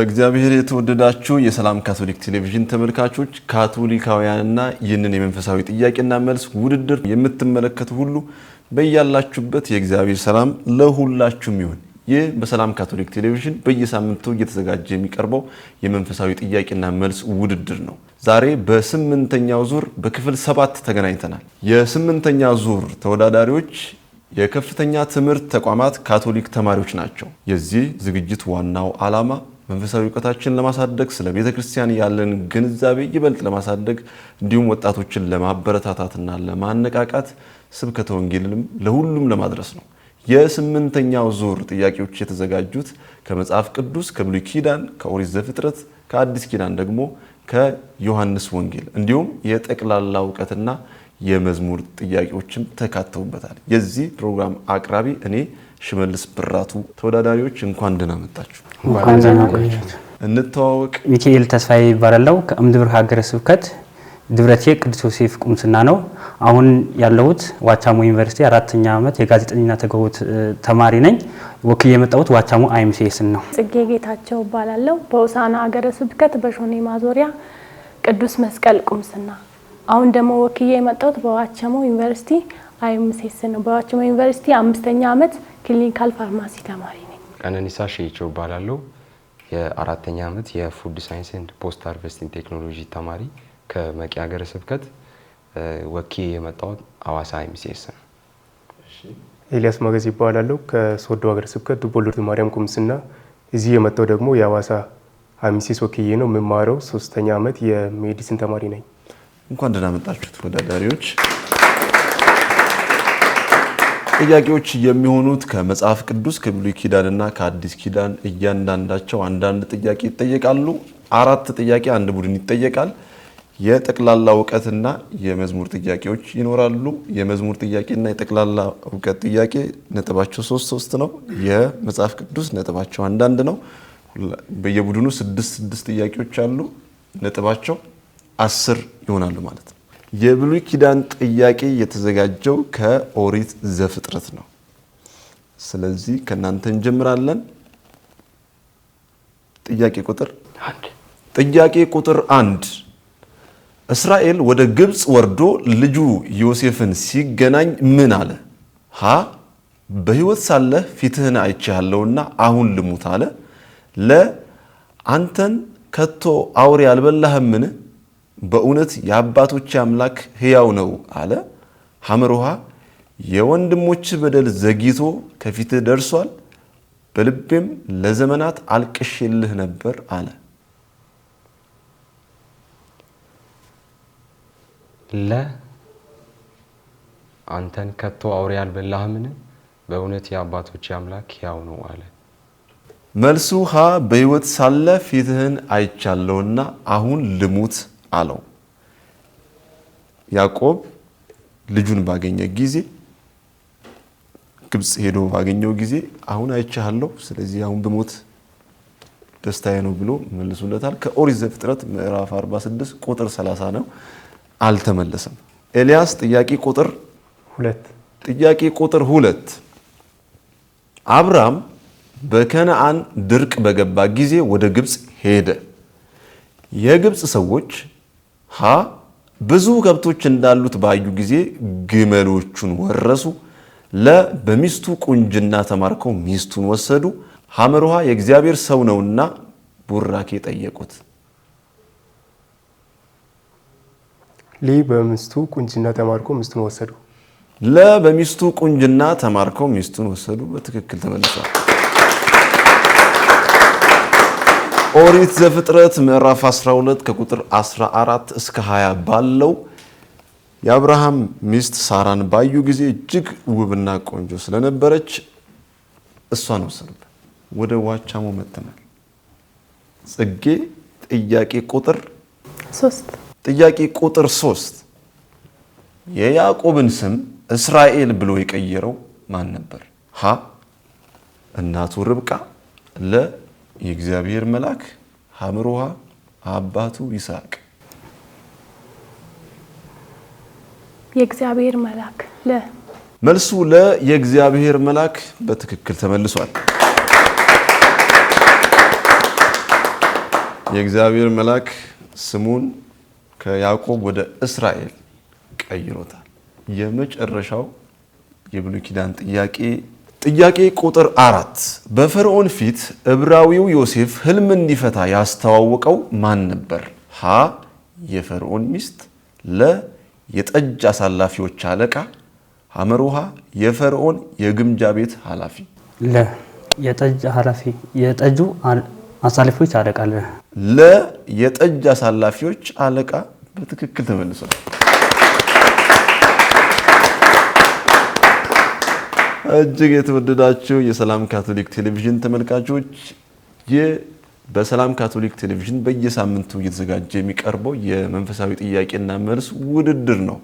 በእግዚአብሔር የተወደዳችሁ የሰላም ካቶሊክ ቴሌቪዥን ተመልካቾች፣ ካቶሊካውያንና ይህንን የመንፈሳዊ ጥያቄና መልስ ውድድር የምትመለከቱ ሁሉ በያላችሁበት የእግዚአብሔር ሰላም ለሁላችሁም ይሁን። ይህ በሰላም ካቶሊክ ቴሌቪዥን በየሳምንቱ እየተዘጋጀ የሚቀርበው የመንፈሳዊ ጥያቄና መልስ ውድድር ነው። ዛሬ በስምንተኛው ዙር በክፍል ሰባት ተገናኝተናል። የስምንተኛ ዙር ተወዳዳሪዎች የከፍተኛ ትምህርት ተቋማት ካቶሊክ ተማሪዎች ናቸው። የዚህ ዝግጅት ዋናው ዓላማ መንፈሳዊ እውቀታችንን ለማሳደግ ስለ ቤተ ክርስቲያን ያለን ግንዛቤ ይበልጥ ለማሳደግ እንዲሁም ወጣቶችን ለማበረታታትና ለማነቃቃት ስብከተ ወንጌልንም ለሁሉም ለማድረስ ነው። የስምንተኛው ዙር ጥያቄዎች የተዘጋጁት ከመጽሐፍ ቅዱስ ከብሉይ ኪዳን፣ ከኦሪት ዘፍጥረት፣ ከአዲስ ኪዳን ደግሞ ከዮሐንስ ወንጌል እንዲሁም የጠቅላላ እውቀትና የመዝሙር ጥያቄዎችም ተካተውበታል። የዚህ ፕሮግራም አቅራቢ እኔ ሽመልስ ብራቱ ተወዳዳሪዎች እንኳን ደህና መጣችሁ። እንተዋወቅ። ሚካኤል ተስፋዬ ይባላለው ከእምድብር ሀገረ ስብከት ድብረቴ ቅዱስ ዮሴፍ ቁምስና ነው። አሁን ያለሁት ዋቻሞ ዩኒቨርሲቲ አራተኛ ዓመት የጋዜጠኝና ተግባቦት ተማሪ ነኝ። ወክዬ የመጣሁት ዋቻሞ አይምሴስን ነው። ጽጌ ጌታቸው እባላለሁ በውሳና ሀገረ ስብከት በሾኔ ማዞሪያ ቅዱስ መስቀል ቁምስና። አሁን ደግሞ ወክዬ የመጣሁት በዋቻሞ ዩኒቨርሲቲ አይምሴስ ነው። በዋቸሞ ዩኒቨርሲቲ አምስተኛ ዓመት ክሊኒካል ፋርማሲ ተማሪ ነኝ። ቀነኒሳ ሸይቸው እባላለሁ። የአራተኛ ዓመት የፉድ ሳይንስ ኤንድ ፖስት ሃርቨስቲንግ ቴክኖሎጂ ተማሪ ከመቂ ሀገረ ስብከት ወኪ የመጣሁት አዋሳ ኤምሲኤስ ነው። ኤልያስ ማገዝ ይባላለሁ። ከሶዶ ሀገረ ስብከት ዱቦ ሎርድ ማርያም ቁምስና እዚህ የመጣው ደግሞ የአዋሳ አሚሴስ ወክዬ ነው የምማረው። ሶስተኛ ዓመት የሜዲሲን ተማሪ ነኝ። እንኳን ደህና መጣችሁ ተወዳዳሪዎች። ጥያቄዎች የሚሆኑት ከመጽሐፍ ቅዱስ ከብሉይ ኪዳንና ከአዲስ ኪዳን እያንዳንዳቸው አንዳንድ ጥያቄ ይጠየቃሉ። አራት ጥያቄ አንድ ቡድን ይጠየቃል። የጠቅላላ እውቀትና የመዝሙር ጥያቄዎች ይኖራሉ። የመዝሙር ጥያቄና የጠቅላላ እውቀት ጥያቄ ነጥባቸው ሶስት ሶስት ነው። የመጽሐፍ ቅዱስ ነጥባቸው አንዳንድ ነው። በየቡድኑ ስድስት ስድስት ጥያቄዎች አሉ። ነጥባቸው አስር ይሆናሉ ማለት ነው። የብሉይ ኪዳን ጥያቄ የተዘጋጀው ከኦሪት ዘፍጥረት ነው። ስለዚህ ከእናንተ እንጀምራለን። ጥያቄ ቁጥር ጥያቄ ቁጥር አንድ እስራኤል ወደ ግብፅ ወርዶ ልጁ ዮሴፍን ሲገናኝ ምን አለ? ሀ በሕይወት ሳለህ ፊትህን አይቼሃለሁና አሁን ልሙት አለ። ለ አንተን ከቶ አውሬ አልበላህምን? በእውነት የአባቶች አምላክ ሕያው ነው አለ። ሐመር ውሃ የወንድሞች በደል ዘግይቶ ከፊት ደርሷል፣ በልቤም ለዘመናት አልቅሼልህ ነበር አለ። ለ አንተን ከቶ አውሬ አልበላህምን? በእውነት የአባቶች አምላክ ሕያው ነው አለ። መልሱ ሀ በሕይወት ሳለ ፊትህን አይቻለውና አሁን ልሙት አለው። ያዕቆብ ልጁን ባገኘ ጊዜ ግብፅ ሄዶ ባገኘው ጊዜ አሁን አይቻለሁ፣ ስለዚህ አሁን ብሞት ደስታዬ ነው ብሎ መልሶለታል። ከኦሪት ዘፍጥረት ምዕራፍ 46 ቁጥር 30 ነው። አልተመለሰም። ኤልያስ ጥያቄ ቁጥር ሁለት ጥያቄ ቁጥር ሁለት አብርሃም በከነዓን ድርቅ በገባ ጊዜ ወደ ግብፅ ሄደ። የግብፅ ሰዎች ሀ ብዙ ከብቶች እንዳሉት ባዩ ጊዜ ግመሎቹን ወረሱ። ለ በሚስቱ ቁንጅና ተማርከው ሚስቱን ወሰዱ። ሐመርሃ የእግዚአብሔር ሰው ነውና ቡራኬ ጠየቁት። ሊ በሚስቱ ቁንጅና ተማርከው ሚስቱን ወሰዱ። ለ በሚስቱ ቁንጅና ተማርከው ሚስቱን ወሰዱ። በትክክል ተመልሷል። ኦሪት ዘፍጥረት ምዕራፍ 12 ከቁጥር 14 እስከ 20 ባለው የአብርሃም ሚስት ሳራን ባዩ ጊዜ እጅግ ውብና ቆንጆ ስለነበረች እሷን ወሰዱበት። ወደ ዋቻሞ መጥተናል። ጽጌ ጥያቄ ቁጥር ሶስት ጥያቄ ቁጥር ሶስት የያዕቆብን ስም እስራኤል ብሎ የቀየረው ማን ነበር? ሀ እናቱ ርብቃ ለ የእግዚአብሔር መልአክ ሀምሮሃ አባቱ ይስሐቅ የእግዚአብሔር መልአክ ለ መልሱ ለ የእግዚአብሔር መልአክ በትክክል ተመልሷል። የእግዚአብሔር መልአክ ስሙን ከያዕቆብ ወደ እስራኤል ቀይሮታል። የመጨረሻው የብሉይ ኪዳን ጥያቄ ጥያቄ ቁጥር አራት በፈርዖን ፊት ዕብራዊው ዮሴፍ ህልም እንዲፈታ ያስተዋወቀው ማን ነበር? ሀ የፈርዖን ሚስት፣ ለ የጠጅ አሳላፊዎች አለቃ፣ ሐመሩሃ የፈርዖን የግምጃ ቤት ኃላፊ። ለ የጠጅ ኃላፊ የጠጁ አሳላፊዎች አለቃ ለ የጠጅ አሳላፊዎች አለቃ በትክክል ተመልሷል። እጅግ የተወደዳችሁ የሰላም ካቶሊክ ቴሌቪዥን ተመልካቾች ይህ በሰላም ካቶሊክ ቴሌቪዥን በየሳምንቱ እየተዘጋጀ የሚቀርበው የመንፈሳዊ ጥያቄና መልስ ውድድር ነው።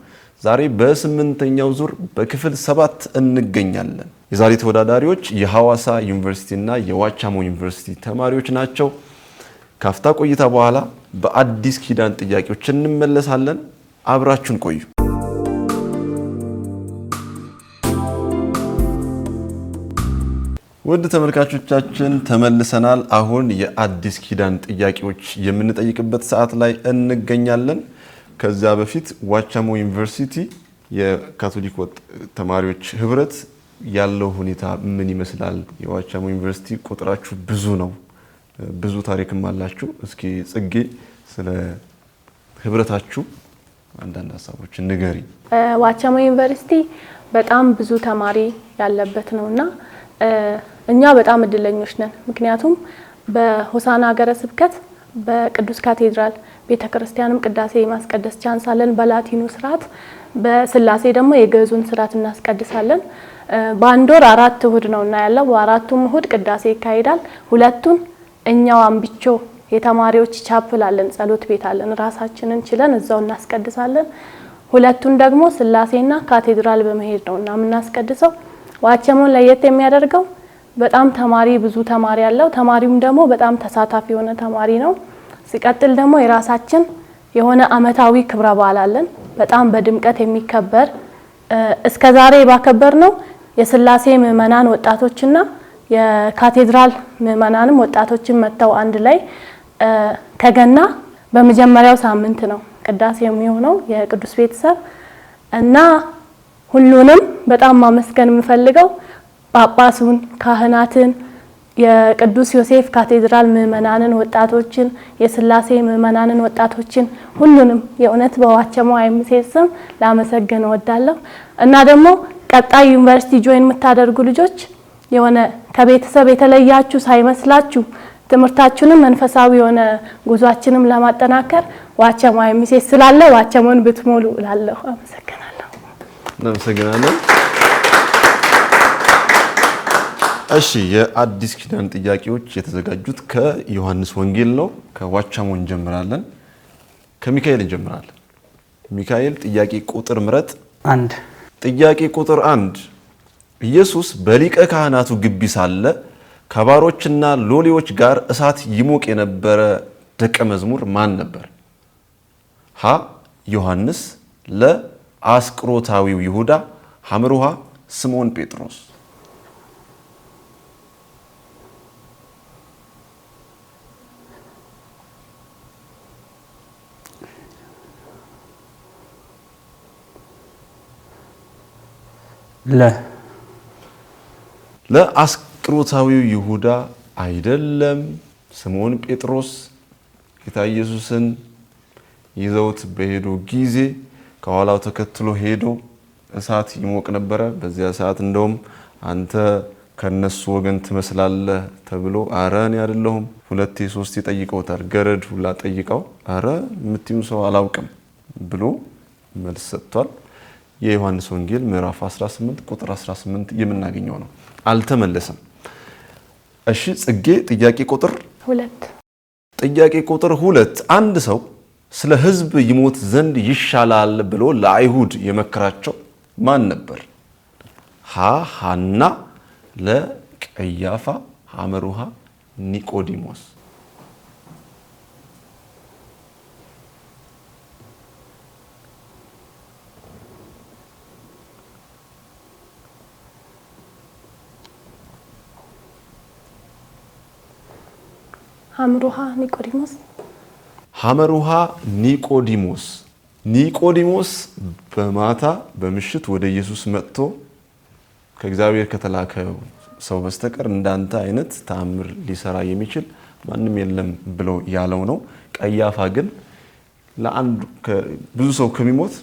ዛሬ በስምንተኛው ዙር በክፍል ሰባት እንገኛለን። የዛሬ ተወዳዳሪዎች የሐዋሳ እና የዋቻሞ ዩኒቨርሲቲ ተማሪዎች ናቸው። ካፍታ ቆይታ በኋላ በአዲስ ኪዳን ጥያቄዎች እንመለሳለን። አብራችሁን ቆዩ። ውድ ተመልካቾቻችን ተመልሰናል። አሁን የአዲስ ኪዳን ጥያቄዎች የምንጠይቅበት ሰዓት ላይ እንገኛለን። ከዚያ በፊት ዋቻሞ ዩኒቨርሲቲ የካቶሊክ ወጥ ተማሪዎች ህብረት ያለው ሁኔታ ምን ይመስላል? የዋቻሞ ዩኒቨርሲቲ ቁጥራችሁ ብዙ ነው፣ ብዙ ታሪክም አላችሁ። እስኪ ጽጌ ስለ ህብረታችሁ አንዳንድ ሀሳቦች ንገሪ። ዋቻሞ ዩኒቨርሲቲ በጣም ብዙ ተማሪ ያለበት ነውና እኛ በጣም እድለኞች ነን። ምክንያቱም በሆሳና ሀገረ ስብከት በቅዱስ ካቴድራል ቤተ ክርስቲያንም ቅዳሴ የማስቀደስ ቻንስ አለን። በላቲኑ ስርዓት፣ በስላሴ ደግሞ የገዙን ስርዓት እናስቀድሳለን። በአንድ ወር አራት እሁድ ነው እና ያለው በአራቱም እሁድ ቅዳሴ ይካሄዳል። ሁለቱን እኛው አንብቾ የተማሪዎች ቻፕል ጸሎት ቤት አለን። ራሳችንን ችለን እዛው እናስቀድሳለን። ሁለቱን ደግሞ ስላሴና ካቴድራል በመሄድ ነው እና የምናስቀድሰው። ዋቸሞን ለየት የሚያደርገው በጣም ተማሪ ብዙ ተማሪ ያለው ተማሪውም ደግሞ በጣም ተሳታፊ የሆነ ተማሪ ነው። ሲቀጥል ደግሞ የራሳችን የሆነ አመታዊ ክብረ በዓል አለን። በጣም በድምቀት የሚከበር እስከ ዛሬ ባከበር ነው የስላሴ ምዕመናን ወጣቶችና የካቴድራል ምዕመናንም ወጣቶችን መጥተው አንድ ላይ ከገና በመጀመሪያው ሳምንት ነው ቅዳሴ የሚሆነው የቅዱስ ቤተሰብ እና ሁሉንም በጣም ማመስገን የምፈልገው ጳጳሱን፣ ካህናትን፣ የቅዱስ ዮሴፍ ካቴድራል ምዕመናንን፣ ወጣቶችን፣ የስላሴ ምእመናንን ወጣቶችን ሁሉንም የእውነት በዋቸሞ አይምሴት ስም ላመሰግን እወዳለሁ እና ደግሞ ቀጣይ ዩኒቨርሲቲ ጆይን የምታደርጉ ልጆች የሆነ ከቤተሰብ የተለያችሁ ሳይመስላችሁ ትምህርታችሁንም መንፈሳዊ የሆነ ጉዟችንም ለማጠናከር ዋቸሞ አይምሴት ስላለ ዋቸሞን ብትሞሉ እላለሁ። አመሰግናለሁ። እናመሰግናለን። እሺ የአዲስ ኪዳን ጥያቄዎች የተዘጋጁት ከዮሐንስ ወንጌል ነው። ከዋቻሞ እንጀምራለን። ከሚካኤል እንጀምራለን። ሚካኤል ጥያቄ ቁጥር ምረጥ አንድ ጥያቄ ቁጥር አንድ ኢየሱስ በሊቀ ካህናቱ ግቢ ሳለ ከባሮችና ሎሌዎች ጋር እሳት ይሞቅ የነበረ ደቀ መዝሙር ማን ነበር? ሀ ዮሐንስ፣ ለ ይሁዳ፣ ሐምር ውሃ ስምዖን ጴጥሮስ ለ ይሁዳ አይደለም። ስምዖን ጴጥሮስ ጌታ ኢየሱስን ይዘውት በሄዱ ጊዜ ከኋላው ተከትሎ ሄዶ እሳት ይሞቅ ነበረ። በዚያ ሰዓት እንደውም አንተ ከነሱ ወገን ትመስላለህ ተብሎ አረ እኔ አይደለሁም ሁለቴ ሶስቴ ጠይቀውታል። ገረድ ሁላ ጠይቀው አረ የምትዩን ሰው አላውቅም ብሎ መልስ ሰጥቷል። የዮሐንስ ወንጌል ምዕራፍ 18 ቁጥር 18 የምናገኘው ነው። አልተመለሰም። እሺ ጽጌ፣ ጥያቄ ቁጥር ሁለት ጥያቄ ቁጥር ሁለት አንድ ሰው ስለ ሕዝብ ይሞት ዘንድ ይሻላል ብሎ ለአይሁድ የመከራቸው ማን ነበር? ሀ ሀና፣ ለቀያፋ፣ ሐመሩሃ ኒቆዲሞስ ሀምሩሃ ኒቆዲሞስ ሀመሩሃ ኒቆዲሞስ ኒቆዲሞስ በማታ በምሽት ወደ ኢየሱስ መጥቶ ከእግዚአብሔር ከተላከው ሰው በስተቀር እንዳንተ አይነት ተአምር ሊሰራ የሚችል ማንም የለም ብሎ ያለው ነው። ቀያፋ ግን ብዙ ሰው ከሚሞት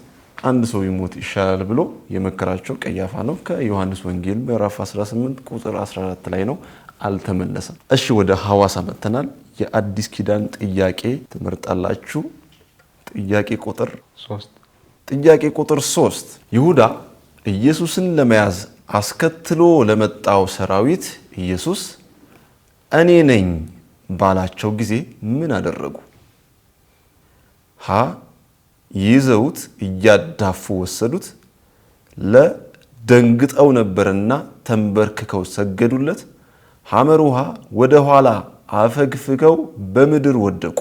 አንድ ሰው ይሞት ይሻላል ብሎ የመከራቸው ቀያፋ ነው። ከዮሐንስ ወንጌል ምዕራፍ 18 ቁጥር 14 ላይ ነው። አልተመለሰም። እሺ ወደ ሐዋሳ መጥተናል። የአዲስ ኪዳን ጥያቄ ትመርጣላችሁ? ጥያቄ ቁጥር ሶስት ጥያቄ ቁጥር ሶስት ይሁዳ ኢየሱስን ለመያዝ አስከትሎ ለመጣው ሰራዊት ኢየሱስ እኔ ነኝ ባላቸው ጊዜ ምን አደረጉ? ሀ ይዘውት እያዳፉ ወሰዱት። ለ ደንግጠው ነበርና ተንበርክከው ሰገዱለት። ሐመር ውሃ ወደ ኋላ አፈግፍገው በምድር ወደቁ።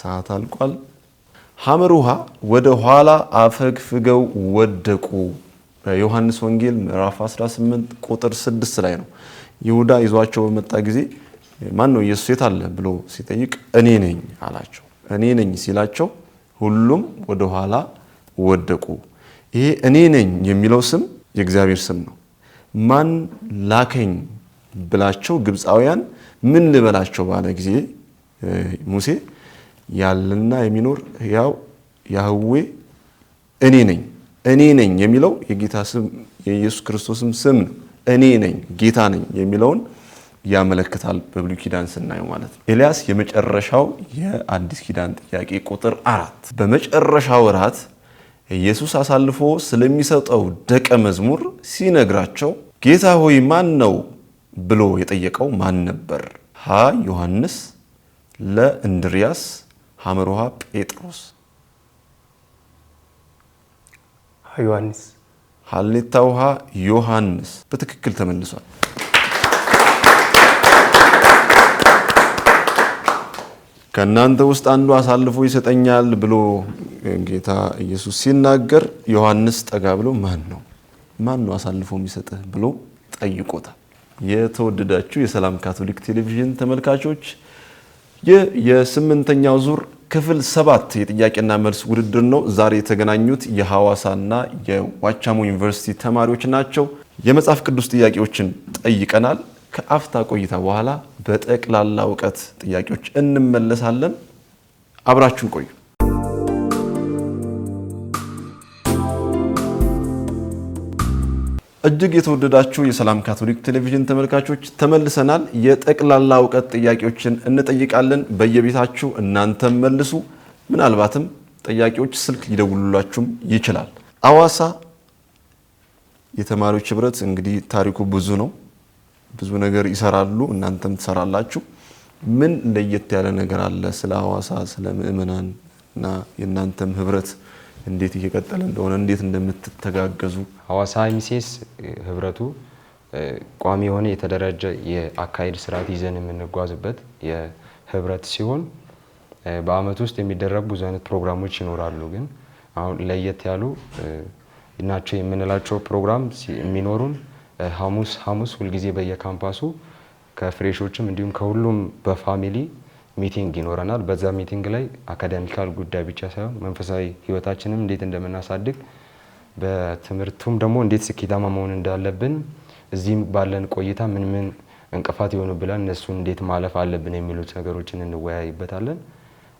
ሰዓት አልቋል። ሐመር ውሃ ወደ ኋላ አፈግፍገው ወደቁ። ዮሐንስ ወንጌል ምዕራፍ 18 ቁጥር 6 ላይ ነው። ይሁዳ ይዟቸው በመጣ ጊዜ ማን ነው ኢየሱስ የት አለ ብሎ ሲጠይቅ እኔ ነኝ አላቸው። እኔ ነኝ ሲላቸው ሁሉም ወደ ኋላ ወደቁ። ይሄ እኔ ነኝ የሚለው ስም የእግዚአብሔር ስም ነው። ማን ላከኝ ብላቸው ግብፃውያን ምን ልበላቸው ባለ ጊዜ ሙሴ ያለና የሚኖር ያው ያህዌ እኔ ነኝ እኔ ነኝ የሚለው የጌታ ስም የኢየሱስ ክርስቶስም ስም ነው። እኔ ነኝ ጌታ ነኝ የሚለውን ያመለክታል በብሉይ ኪዳን ስናየው ማለት ነው። ኤልያስ የመጨረሻው የአዲስ ኪዳን ጥያቄ ቁጥር አራት በመጨረሻው እራት ኢየሱስ አሳልፎ ስለሚሰጠው ደቀ መዝሙር ሲነግራቸው ጌታ ሆይ ማን ነው ብሎ የጠየቀው ማን ነበር? ሀ ዮሐንስ፣ ለእንድሪያስ ሐመሮሃ ጴጥሮስ ዮሐንስ ሀሌታ ውሃ ዮሐንስ በትክክል ተመልሷል። ከእናንተ ውስጥ አንዱ አሳልፎ ይሰጠኛል ብሎ ጌታ ኢየሱስ ሲናገር ዮሐንስ ጠጋ ብሎ ማን ነው ማን ነው አሳልፎ የሚሰጥህ ብሎ ጠይቆታል። የተወደዳችሁ የሰላም ካቶሊክ ቴሌቪዥን ተመልካቾች ይህ የስምንተኛው ዙር ክፍል ሰባት የጥያቄና መልስ ውድድር ነው። ዛሬ የተገናኙት የሐዋሳና የዋቻሞ ዩኒቨርሲቲ ተማሪዎች ናቸው። የመጽሐፍ ቅዱስ ጥያቄዎችን ጠይቀናል። ከአፍታ ቆይታ በኋላ በጠቅላላ እውቀት ጥያቄዎች እንመለሳለን። አብራችሁን ቆዩ። እጅግ የተወደዳችሁ የሰላም ካቶሊክ ቴሌቪዥን ተመልካቾች ተመልሰናል። የጠቅላላ እውቀት ጥያቄዎችን እንጠይቃለን። በየቤታችሁ እናንተም መልሱ። ምናልባትም ጥያቄዎች ስልክ ሊደውሉላችሁም ይችላል። አዋሳ የተማሪዎች ህብረት እንግዲህ ታሪኩ ብዙ ነው። ብዙ ነገር ይሰራሉ፣ እናንተም ትሰራላችሁ። ምን ለየት ያለ ነገር አለ? ስለ አዋሳ ስለ ምእመናን እና የእናንተም ህብረት እንዴት እየቀጠለ እንደሆነ እንዴት እንደምትተጋገዙ ሀዋሳ ሚሴስ ህብረቱ ቋሚ የሆነ የተደራጀ የአካሄድ ስርዓት ይዘን የምንጓዝበት የህብረት ሲሆን በአመት ውስጥ የሚደረጉ ብዙ አይነት ፕሮግራሞች ይኖራሉ። ግን አሁን ለየት ያሉ ናቸው የምንላቸው ፕሮግራም የሚኖሩን ሐሙስ ሐሙስ ሁልጊዜ በየካምፓሱ ከፍሬሾችም እንዲሁም ከሁሉም በፋሚሊ ሚቲንግ ይኖረናል። በዛ ሚቲንግ ላይ አካዳሚካል ጉዳይ ብቻ ሳይሆን መንፈሳዊ ህይወታችንም እንዴት እንደምናሳድግ በትምህርቱም ደግሞ እንዴት ስኬታማ መሆን እንዳለብን እዚህም ባለን ቆይታ ምን ምን እንቅፋት የሆኑ ብለን እነሱን እንዴት ማለፍ አለብን የሚሉት ነገሮችን እንወያይበታለን።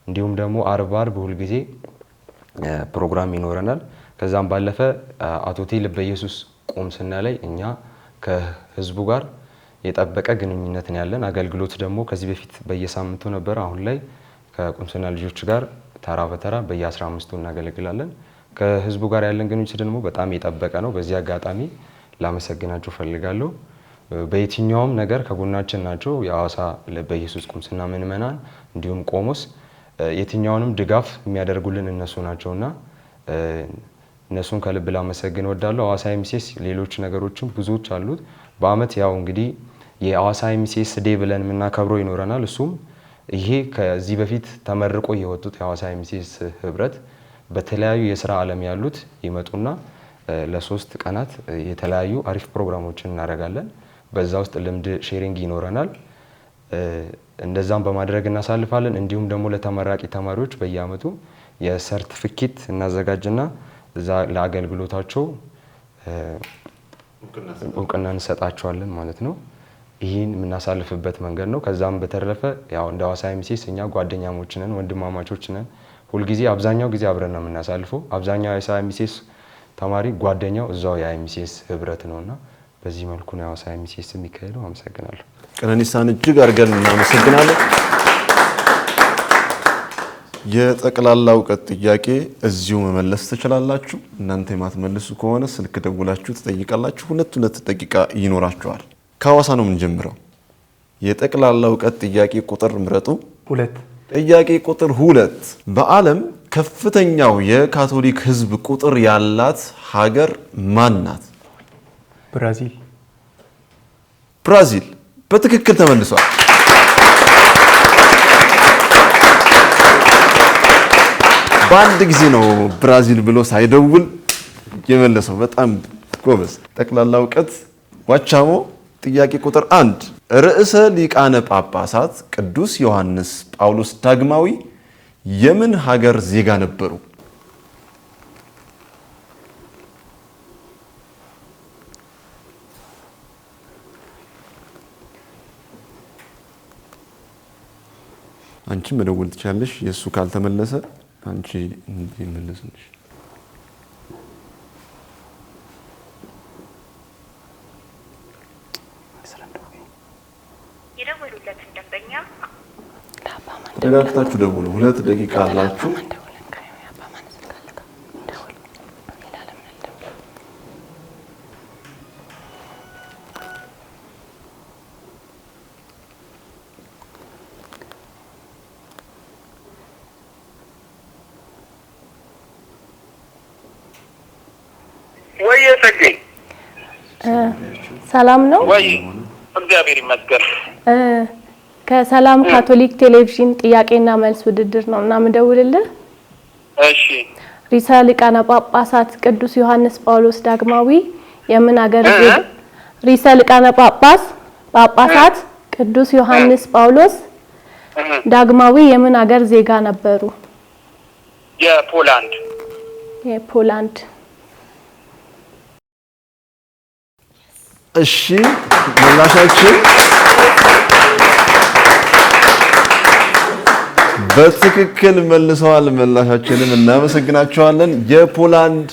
እንዲሁም ደግሞ አርብ አርብ ሁልጊዜ ፕሮግራም ይኖረናል። ከዛም ባለፈ አቶቴ ልበኢየሱስ ኢየሱስ ቁምስና ላይ እኛ ከህዝቡ ጋር የጠበቀ ነው ያለን አገልግሎት ደግሞ ከዚህ በፊት በየሳምንቱ ነበር። አሁን ላይ ከቁምስና ልጆች ጋር ተራ በተራ በየ15ቱ እናገለግላለን። ከህዝቡ ጋር ያለን ግንኙነት ደግሞ በጣም የጠበቀ ነው። በዚህ አጋጣሚ ላመሰግናቸው ፈልጋለሁ። በየትኛውም ነገር ከጎናችን ናቸው። የአዋሳ በኢየሱስ ቁምስና ምዕመናን እንዲሁም ቆሞስ የትኛውንም ድጋፍ የሚያደርጉልን እነሱ ናቸውና እነሱን ከልብ ላመሰግን ወዳለሁ። አዋሳ ኤምሴስ ሌሎች ነገሮችም ብዙዎች አሉት በአመት ያው እንግዲህ የአዋሳ ኤምሲኤስ ዴ ብለን የምናከብረው ይኖረናል። እሱም ይሄ ከዚህ በፊት ተመርቆ የወጡት የአዋሳ ኤምሲኤስ ህብረት በተለያዩ የስራ ዓለም ያሉት ይመጡና ለሶስት ቀናት የተለያዩ አሪፍ ፕሮግራሞችን እናደርጋለን። በዛ ውስጥ ልምድ ሼሪንግ ይኖረናል። እንደዛም በማድረግ እናሳልፋለን። እንዲሁም ደግሞ ለተመራቂ ተማሪዎች በየአመቱ የሰርቲፊኬት እናዘጋጅና እዛ ለአገልግሎታቸው እውቅና እንሰጣቸዋለን ማለት ነው። ይህን የምናሳልፍበት መንገድ ነው። ከዛም በተረፈ ያው እንደ ሀዋሳ ኤምሲስ እኛ ጓደኛሞች ነን፣ ወንድማማቾች ነን። ሁልጊዜ አብዛኛው ጊዜ አብረን ነው የምናሳልፈው። አብዛኛው የሀዋሳ ኤምሲስ ተማሪ ጓደኛው እዛው የኤምሲስ ህብረት ነውና በዚህ መልኩ ነው የሀዋሳ ኤምሲስ የሚካሄደው። አመሰግናለሁ። ቀነኒሳን እጅግ አድርገን እናመሰግናለን። የጠቅላላ እውቀት ጥያቄ እዚሁ መመለስ ትችላላችሁ። እናንተ የማትመልሱ ከሆነ ስልክ ደውላችሁ ትጠይቃላችሁ። ሁለት ሁለት ደቂቃ ይኖራችኋል። ከሐዋሳ ነው የምንጀምረው። የጠቅላላ እውቀት ጥያቄ ቁጥር ምረጡ። ሁለት ጥያቄ ቁጥር ሁለት በዓለም ከፍተኛው የካቶሊክ ህዝብ ቁጥር ያላት ሀገር ማን ናት? ብራዚል። ብራዚል በትክክል ተመልሷል። በአንድ ጊዜ ነው ብራዚል ብሎ ሳይደውል የመለሰው። በጣም ጎበዝ። ጠቅላላ እውቀት ዋቻሞ ጥያቄ ቁጥር አንድ ርዕሰ ሊቃነ ጳጳሳት ቅዱስ ዮሐንስ ጳውሎስ ዳግማዊ የምን ሀገር ዜጋ ነበሩ? አንቺ መደወል ትችላለሽ። የእሱ ካልተመለሰ አንቺ እንዲመለስልሽ ተጋግታችሁ ደውሉ። ሁለት ደቂቃ አላችሁ። ሰላም ነው ወይ? እግዚአብሔር ይመስገን። ከሰላም ካቶሊክ ቴሌቪዥን ጥያቄና መልስ ውድድር ነው እና ምደውልልህ። እሺ። ርዕሰ ሊቃነ ጳጳሳት ቅዱስ ዮሐንስ ጳውሎስ ዳግማዊ የምን አገር ዜጋ? ሊቃነ ጳጳስ ጳጳሳት ቅዱስ ዮሐንስ ጳውሎስ ዳግማዊ የምን አገር ዜጋ ነበሩ? የፖላንድ የፖላንድ። እሺ ምላሻችን በትክክል መልሰዋል። መላሻችንም እናመሰግናቸዋለን። የፖላንድ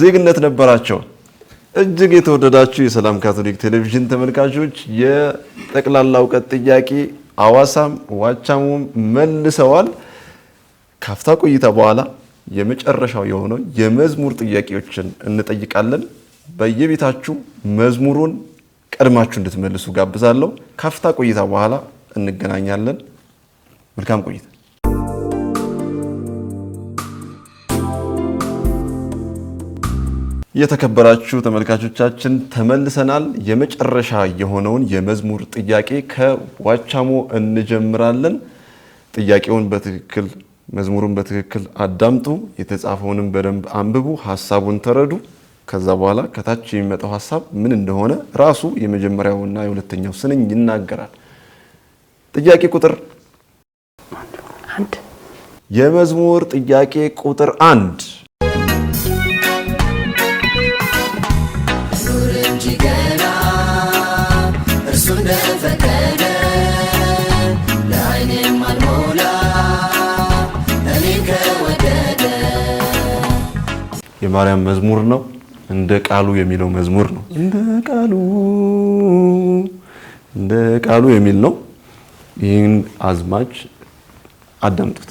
ዜግነት ነበራቸው። እጅግ የተወደዳችሁ የሰላም ካቶሊክ ቴሌቪዥን ተመልካቾች የጠቅላላ እውቀት ጥያቄ አዋሳም ዋቻሙም መልሰዋል። ካፍታ ቆይታ በኋላ የመጨረሻው የሆነው የመዝሙር ጥያቄዎችን እንጠይቃለን። በየቤታችሁ መዝሙሩን ቀድማችሁ እንድትመልሱ ጋብዛለሁ። ካፍታ ቆይታ በኋላ እንገናኛለን። መልካም ቆይታ። የተከበራችሁ ተመልካቾቻችን ተመልሰናል። የመጨረሻ የሆነውን የመዝሙር ጥያቄ ከዋቻሞ እንጀምራለን። ጥያቄውን በትክክል መዝሙሩን በትክክል አዳምጡ፣ የተጻፈውንም በደንብ አንብቡ፣ ሀሳቡን ተረዱ። ከዛ በኋላ ከታች የሚመጣው ሀሳብ ምን እንደሆነ ራሱ የመጀመሪያውና የሁለተኛው ስንኝ ይናገራል። ጥያቄ ቁጥር የመዝሙር ጥያቄ ቁጥር አንድ የማርያም መዝሙር ነው። እንደ ቃሉ የሚለው መዝሙር ነው። እንደ ቃሉ እንደ ቃሉ የሚል ነው። ይህን አዝማች አዳምጡት።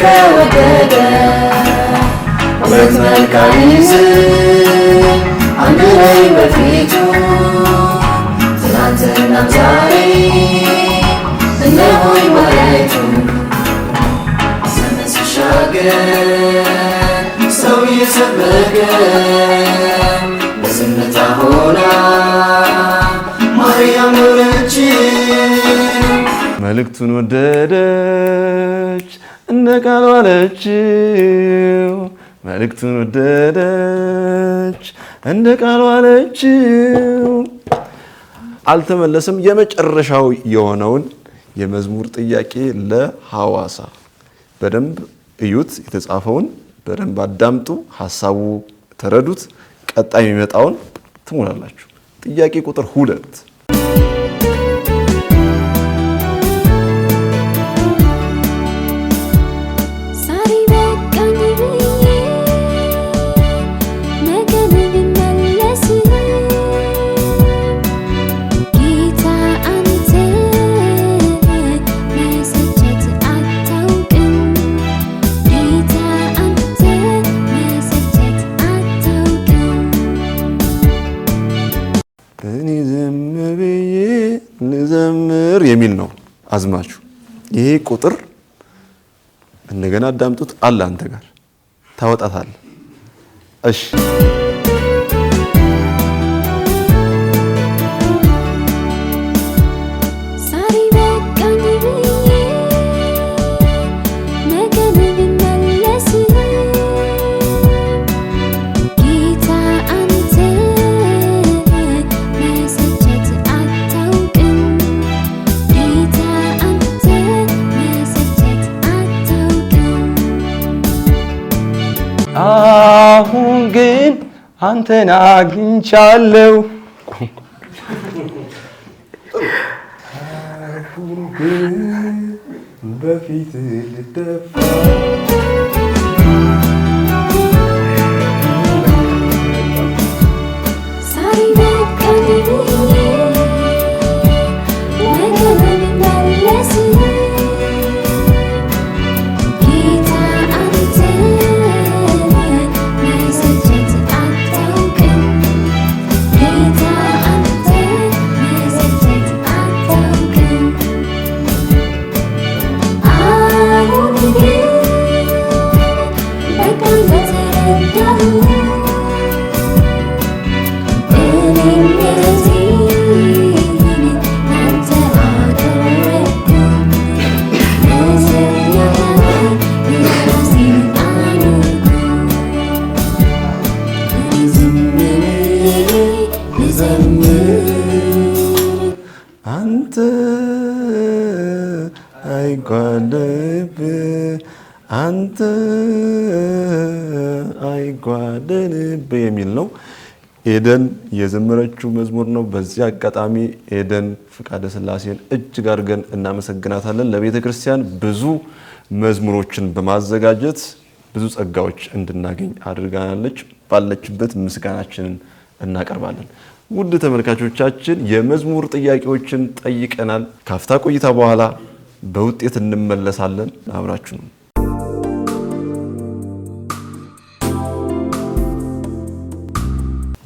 ከወደደ ውበት መልካም አንድ ላይ በፊቱ ትናንትናም ዛሬ እነሆኝ ማየቱ ዘመን ሲሻገር ሰው እየሰበከ በዝምታ ሆና ማርያም ኖረች መልእክቱን ወደደች እንደ ቃል ዋለችው፣ መልእክቱን ወደደች እንደ ቃል ዋለችው። አልተመለሰም። የመጨረሻው የሆነውን የመዝሙር ጥያቄ ለሐዋሳ በደንብ እዩት። የተጻፈውን በደንብ አዳምጡ፣ ሀሳቡ ተረዱት። ቀጣይ የሚመጣውን ትሞላላችሁ። ጥያቄ ቁጥር ሁለት አዝማችሁ ይሄ ቁጥር እንደገና አዳምጡት አለ አንተ ጋር ታወጣታለህ። እሺ አንተን አግኝቻለሁ የዘመረችው መዝሙር ነው። በዚህ አጋጣሚ ኤደን ፍቃደ ሥላሴን እጅግ አድርገን እናመሰግናታለን። ለቤተ ክርስቲያን ብዙ መዝሙሮችን በማዘጋጀት ብዙ ጸጋዎች እንድናገኝ አድርጋናለች። ባለችበት ምስጋናችንን እናቀርባለን። ውድ ተመልካቾቻችን የመዝሙር ጥያቄዎችን ጠይቀናል። ካፍታ ቆይታ በኋላ በውጤት እንመለሳለን። አብራችሁ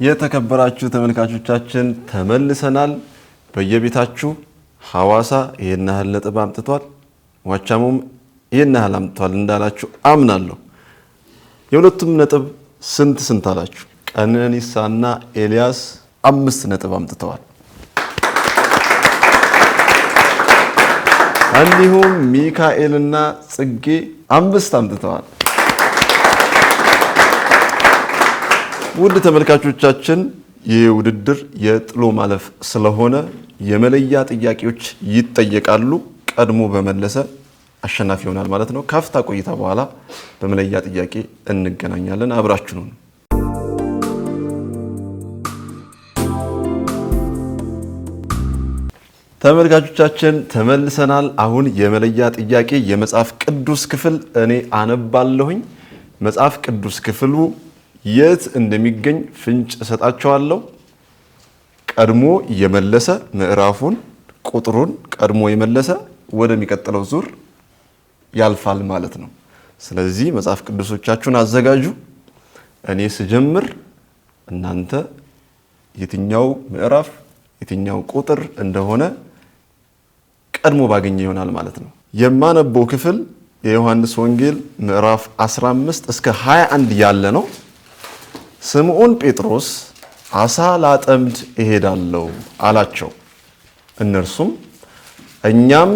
የተከበራችሁ ተመልካቾቻችን ተመልሰናል። በየቤታችሁ ሐዋሳ ይህን ያህል ነጥብ አምጥቷል፣ ዋቻሞም ይህን ያህል አምጥቷል እንዳላችሁ አምናለሁ። የሁለቱም ነጥብ ስንት ስንት አላችሁ? ቀነኒሳና ኤልያስ አምስት ነጥብ አምጥተዋል። እንዲሁም ሚካኤልና ጽጌ አምስት አምጥተዋል። ውድ ተመልካቾቻችን ይህ ውድድር የጥሎ ማለፍ ስለሆነ የመለያ ጥያቄዎች ይጠየቃሉ። ቀድሞ በመለሰ አሸናፊ ይሆናል ማለት ነው። ካፍታ ቆይታ በኋላ በመለያ ጥያቄ እንገናኛለን። አብራችሁን ተመልካቾቻችን ተመልሰናል። አሁን የመለያ ጥያቄ የመጽሐፍ ቅዱስ ክፍል እኔ አነባለሁኝ። መጽሐፍ ቅዱስ ክፍሉ የት እንደሚገኝ ፍንጭ እሰጣቸዋለሁ። ቀድሞ የመለሰ ምዕራፉን ቁጥሩን ቀድሞ የመለሰ ወደሚቀጥለው ዙር ያልፋል ማለት ነው። ስለዚህ መጽሐፍ ቅዱሶቻችሁን አዘጋጁ። እኔ ስጀምር እናንተ የትኛው ምዕራፍ የትኛው ቁጥር እንደሆነ ቀድሞ ባገኘ ይሆናል ማለት ነው። የማነበው ክፍል የዮሐንስ ወንጌል ምዕራፍ 15 እስከ 21 ያለ ነው። ስምዖን ጴጥሮስ አሳ ላጠምድ እሄዳለሁ አላቸው። እነርሱም እኛም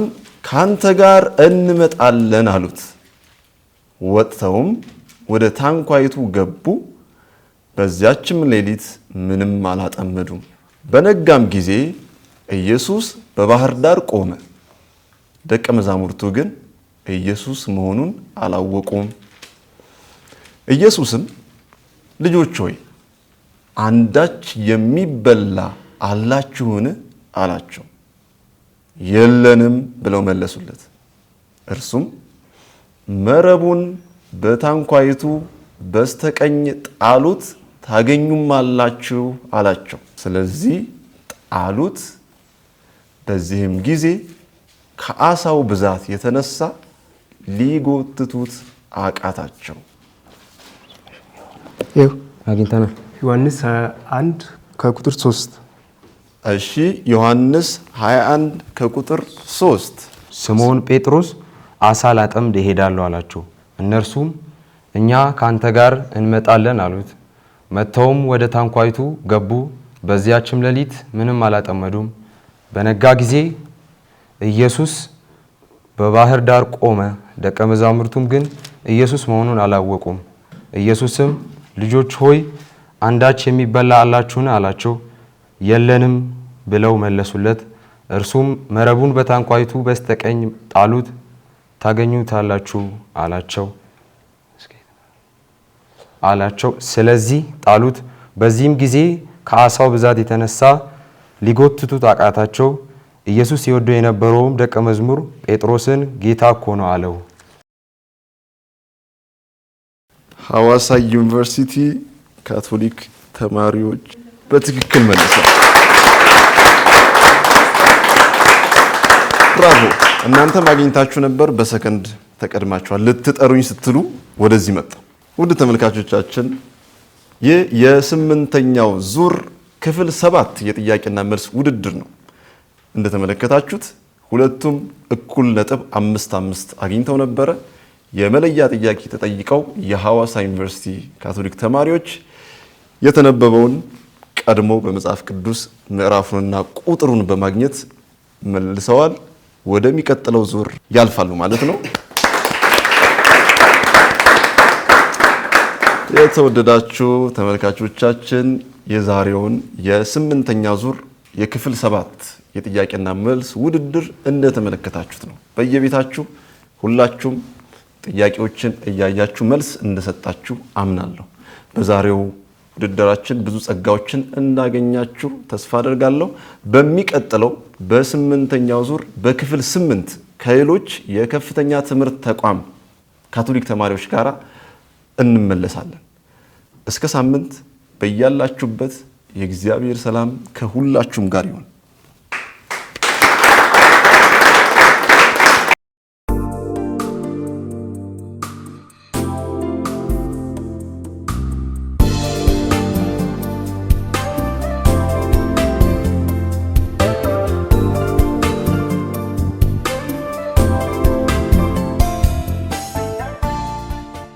ካንተ ጋር እንመጣለን አሉት። ወጥተውም ወደ ታንኳይቱ ገቡ። በዚያችም ሌሊት ምንም አላጠመዱም። በነጋም ጊዜ ኢየሱስ በባህር ዳር ቆመ። ደቀ መዛሙርቱ ግን ኢየሱስ መሆኑን አላወቁም። ኢየሱስም ልጆች ሆይ አንዳች የሚበላ አላችሁን አላቸው። የለንም ብለው መለሱለት። እርሱም መረቡን በታንኳይቱ በስተቀኝ ጣሉት ታገኙም አላችሁ አላቸው። ስለዚህ ጣሉት። በዚህም ጊዜ ከአሳው ብዛት የተነሳ ሊጎትቱት አቃታቸው። አግኝተናል። ዮሐንስ 21 ከቁጥር 3። እሺ ዮሐንስ 21 ከቁጥር 3 ስምዖን ጴጥሮስ አሳ ላጠምድ እሄዳለሁ አላቸው። እነርሱም እኛ ከአንተ ጋር እንመጣለን አሉት። መጥተውም ወደ ታንኳይቱ ገቡ። በዚያችም ሌሊት ምንም አላጠመዱም። በነጋ ጊዜ ኢየሱስ በባህር ዳር ቆመ። ደቀ መዛሙርቱም ግን ኢየሱስ መሆኑን አላወቁም። ኢየሱስም ልጆች ሆይ አንዳች የሚበላ አላችሁን አላቸው። የለንም ብለው መለሱለት። እርሱም መረቡን በታንኳይቱ በስተቀኝ ጣሉት፣ ታገኙታላችሁ አላቸው አላቸው። ስለዚህ ጣሉት። በዚህም ጊዜ ከአሳው ብዛት የተነሳ ሊጎትቱት አቃታቸው። ኢየሱስ ይወደው የነበረውም ደቀ መዝሙር ጴጥሮስን ጌታ እኮ ነው አለው። ሀዋሳ ዩኒቨርሲቲ ካቶሊክ ተማሪዎች በትክክል መልሰዋል። ብራቮ! እናንተም አግኝታችሁ ነበር፣ በሰከንድ ተቀድማችኋል። ልትጠሩኝ ስትሉ ወደዚህ መጣ። ውድ ተመልካቾቻችን ይህ የስምንተኛው ዙር ክፍል ሰባት የጥያቄና መልስ ውድድር ነው። እንደተመለከታችሁት ሁለቱም እኩል ነጥብ አምስት አምስት አግኝተው ነበረ። የመለያ ጥያቄ ተጠይቀው የሐዋሳ ዩኒቨርሲቲ ካቶሊክ ተማሪዎች የተነበበውን ቀድሞ በመጽሐፍ ቅዱስ ምዕራፉንና ቁጥሩን በማግኘት መልሰዋል። ወደሚቀጥለው ዙር ያልፋሉ ማለት ነው። የተወደዳችሁ ተመልካቾቻችን የዛሬውን የስምንተኛ ዙር የክፍል ሰባት የጥያቄና መልስ ውድድር እንደተመለከታችሁት ነው። በየቤታችሁ ሁላችሁም ጥያቄዎችን እያያችሁ መልስ እንደሰጣችሁ አምናለሁ። በዛሬው ውድድራችን ብዙ ጸጋዎችን እንዳገኛችሁ ተስፋ አደርጋለሁ። በሚቀጥለው በስምንተኛው ዙር በክፍል ስምንት ከሌሎች የከፍተኛ ትምህርት ተቋም ካቶሊክ ተማሪዎች ጋር እንመለሳለን። እስከ ሳምንት በያላችሁበት የእግዚአብሔር ሰላም ከሁላችሁም ጋር ይሁን።